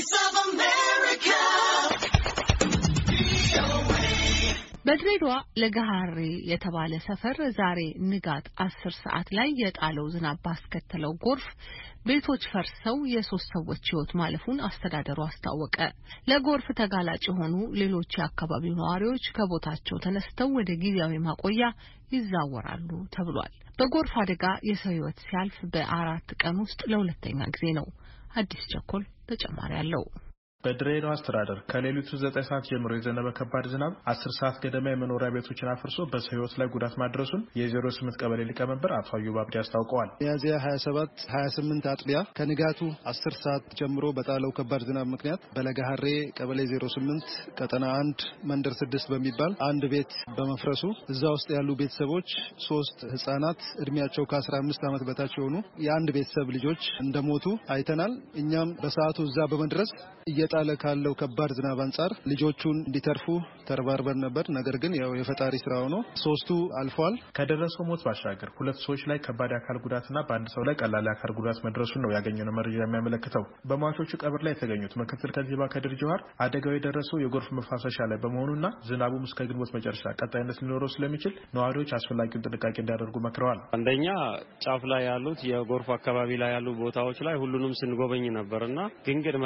Voice of America. በድሬዳዋ ለገሃሬ የተባለ ሰፈር ዛሬ ንጋት አስር ሰዓት ላይ የጣለው ዝናብ ባስከተለው ጎርፍ ቤቶች ፈርሰው የሶስት ሰዎች ሕይወት ማለፉን አስተዳደሩ አስታወቀ። ለጎርፍ ተጋላጭ የሆኑ ሌሎች የአካባቢው ነዋሪዎች ከቦታቸው ተነስተው ወደ ጊዜያዊ ማቆያ ይዛወራሉ ተብሏል። በጎርፍ አደጋ የሰው ሕይወት ሲያልፍ በአራት ቀን ውስጥ ለሁለተኛ ጊዜ ነው። አዲስ ቸኮል ተጨማሪ አለው። በድሬዳዋ አስተዳደር ከሌሊቱ ዘጠኝ ሰዓት ጀምሮ የዘነበ ከባድ ዝናብ አስር ሰዓት ገደማ የመኖሪያ ቤቶችን አፍርሶ በሰው ላይ ጉዳት ማድረሱን የዜሮ ስምንት ቀበሌ ሊቀመንበር አቶ አዩብ አብዲ አስታውቀዋል። ሚያዝያ ሀያ ሰባት ሀያ ስምንት አጥቢያ ከንጋቱ አስር ሰዓት ጀምሮ በጣለው ከባድ ዝናብ ምክንያት በለጋሀሬ ቀበሌ ዜሮ ስምንት ቀጠና አንድ መንደር ስድስት በሚባል አንድ ቤት በመፍረሱ እዛ ውስጥ ያሉ ቤተሰቦች ሶስት ህጻናት እድሜያቸው ከአስራ አምስት ዓመት በታች የሆኑ የአንድ ቤተሰብ ልጆች እንደሞቱ አይተናል። እኛም በሰዓቱ እዛ በመድረስ እየጣለ ካለው ከባድ ዝናብ አንጻር ልጆቹን እንዲተርፉ ተረባርበን ነበር። ነገር ግን ያው የፈጣሪ ስራ ሆኖ ሶስቱ አልፏል። ከደረሰው ሞት ባሻገር ሁለት ሰዎች ላይ ከባድ የአካል ጉዳትና በአንድ ሰው ላይ ቀላል የአካል ጉዳት መድረሱን ነው ያገኘነው መረጃ የሚያመለክተው። በሟቾቹ ቀብር ላይ የተገኙት ምክትል ከንቲባ ከድር ጀዋር አደጋው የደረሰው የጎርፍ መፋሰሻ ላይ በመሆኑና ዝናቡም እስከ ግንቦት መጨረሻ ቀጣይነት ሊኖረው ስለሚችል ነዋሪዎች አስፈላጊውን ጥንቃቄ እንዲያደርጉ መክረዋል። አንደኛ ጫፍ ላይ ያሉት የጎርፍ አካባቢ ላይ ያሉ ቦታዎች ላይ ሁሉንም ስንጎበኝ ነበርና ግን ግን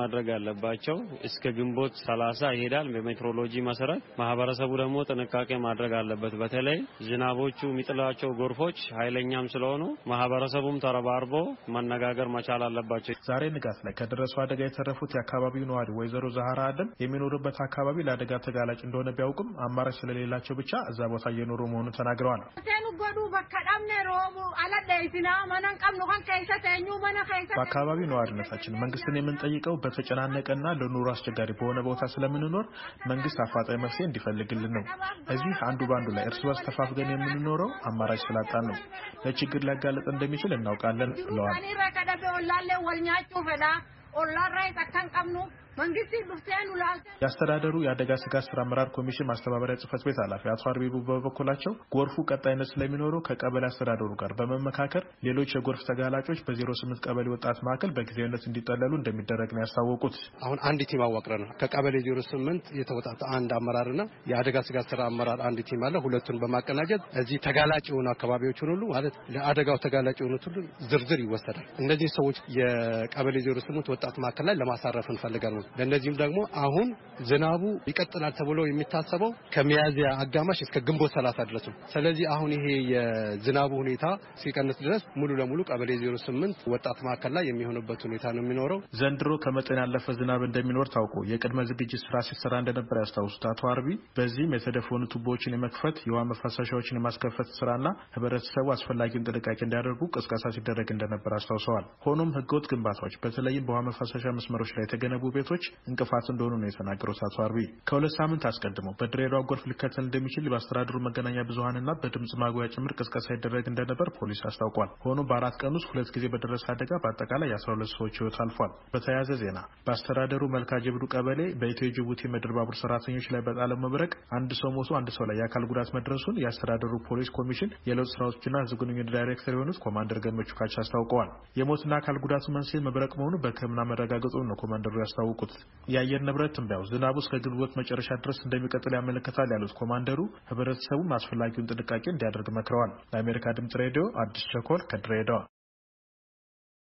ማድረግ አለባቸው። እስከ ግንቦት ሰላሳ ይሄዳል በሜትሮሎጂ መሰረት። ማህበረሰቡ ደግሞ ጥንቃቄ ማድረግ አለበት። በተለይ ዝናቦቹ የሚጥላቸው ጎርፎች ኃይለኛም ስለሆኑ ማህበረሰቡም ተረባርቦ መነጋገር መቻል አለባቸው። ዛሬ ንጋት ላይ ከደረሱ አደጋ የተረፉት የአካባቢው ነዋሪ ወይዘሮ ዛሃራ አደም የሚኖሩበት አካባቢ ለአደጋ ተጋላጭ እንደሆነ ቢያውቅም አማራጭ ስለሌላቸው ብቻ እዛ ቦታ እየኖሩ መሆኑ ተናግረዋል። በአካባቢው ነዋሪነታችን መንግስትን የምንጠይቀው በተጨና በተጨናነቀና ለኑሮ አስቸጋሪ በሆነ ቦታ ስለምንኖር መንግስት አፋጣኝ መፍትሄ እንዲፈልግልን ነው። እዚህ አንዱ በአንዱ ላይ እርስ በርስ ተፋፍገን የምንኖረው አማራጭ ስላጣን ነው። ለችግር ሊያጋለጥ እንደሚችል እናውቃለን ብለዋል። የአስተዳደሩ የአደጋ ስጋት ስራ አመራር ኮሚሽን ማስተባበሪያ ጽህፈት ቤት ኃላፊ አቶ አርቢቡ በበኩላቸው ጎርፉ ቀጣይነት ስለሚኖረው ከቀበሌ አስተዳደሩ ጋር በመመካከር ሌሎች የጎርፍ ተጋላጮች በዜሮ ስምንት ቀበሌ ወጣት ማዕከል በጊዜያዊነት እንዲጠለሉ እንደሚደረግ ነው ያስታወቁት። አሁን አንድ ቲም አዋቅረናል። ከቀበሌ ዜሮ ስምንት የተወጣጠ አንድ አመራርና የአደጋ ስጋት ስራ አመራር አንድ ቲም አለ። ሁለቱን በማቀናጀት እዚህ ተጋላጭ የሆኑ አካባቢዎችን ሁሉ ማለት ለአደጋው ተጋላጭ የሆኑት ሁሉ ዝርዝር ይወሰዳል። እነዚህ ሰዎች የቀበሌ ዜሮ ስምንት ወጣት ማዕከል ላይ ለማሳረፍ እንፈልጋለን። ለእነዚህም ደግሞ አሁን ዝናቡ ይቀጥላል ተብሎ የሚታሰበው ከሚያዝያ አጋማሽ እስከ ግንቦት ሰላሳ ድረስ ነው። ስለዚህ አሁን ይሄ የዝናቡ ሁኔታ ሲቀንስ ድረስ ሙሉ ለሙሉ ቀበሌ ስምንት ወጣት ማዕከል ላይ የሚሆንበት ሁኔታ ነው የሚኖረው። ዘንድሮ ከመጠን ያለፈ ዝናብ እንደሚኖር ታውቆ የቅድመ ዝግጅት ስራ ሲሰራ እንደነበር ያስታውሱት አቶ አርቢ በዚህም የተደፈኑ ቱቦዎችን የመክፈት የውሃ መፋሰሻዎችን የማስከፈት ስራና ህብረተሰቡ አስፈላጊውን ጥንቃቄ እንዲያደርጉ ቅስቀሳ ሲደረግ እንደነበር አስታውሰዋል። ሆኖም ህገወጥ ግንባታዎች በተለይም በውሃ መፋሰሻ መስመሮች ላይ የተገነቡ ቤቶች ግጭቶች እንቅፋት እንደሆኑ ነው የተናገሩት አቶ አርቢ። ከሁለት ሳምንት አስቀድሞ በድሬዳዋ ጎርፍ ሊከተል እንደሚችል በአስተዳደሩ መገናኛ ብዙሀንና በድምፅ ማጉያ ጭምር ቅስቀሳ ይደረግ እንደነበር ፖሊስ አስታውቋል። ሆኖም በአራት ቀን ውስጥ ሁለት ጊዜ በደረሰ አደጋ በአጠቃላይ የአስራ ሁለት ሰዎች ህይወት አልፏል። በተያያዘ ዜና በአስተዳደሩ መልካ ጀብዱ ቀበሌ በኢትዮ ጅቡቲ ምድር ባቡር ሰራተኞች ላይ በጣለ መብረቅ አንድ ሰው ሞቶ አንድ ሰው ላይ የአካል ጉዳት መድረሱን የአስተዳደሩ ፖሊስ ኮሚሽን የለውጥ ስራዎችና ህዝብ ግንኙነት ዳይሬክተር የሆኑት ኮማንደር ገመቹ ካቻ አስታውቀዋል። የሞትና አካል ጉዳቱ መንስኤ መብረቅ መሆኑ በሕክምና መረጋገጡ ነው ኮማንደሩ ያስታውቁ ያስጠነቀቁት። የአየር ንብረት ትንበያው ዝናቡ እስከ ግንቦት መጨረሻ ድረስ እንደሚቀጥል ያመለከታል ያሉት ኮማንደሩ ህብረተሰቡም አስፈላጊውን ጥንቃቄ እንዲያደርግ መክረዋል። ለአሜሪካ ድምጽ ሬዲዮ አዲስ ቸኮል ከድሬዳዋ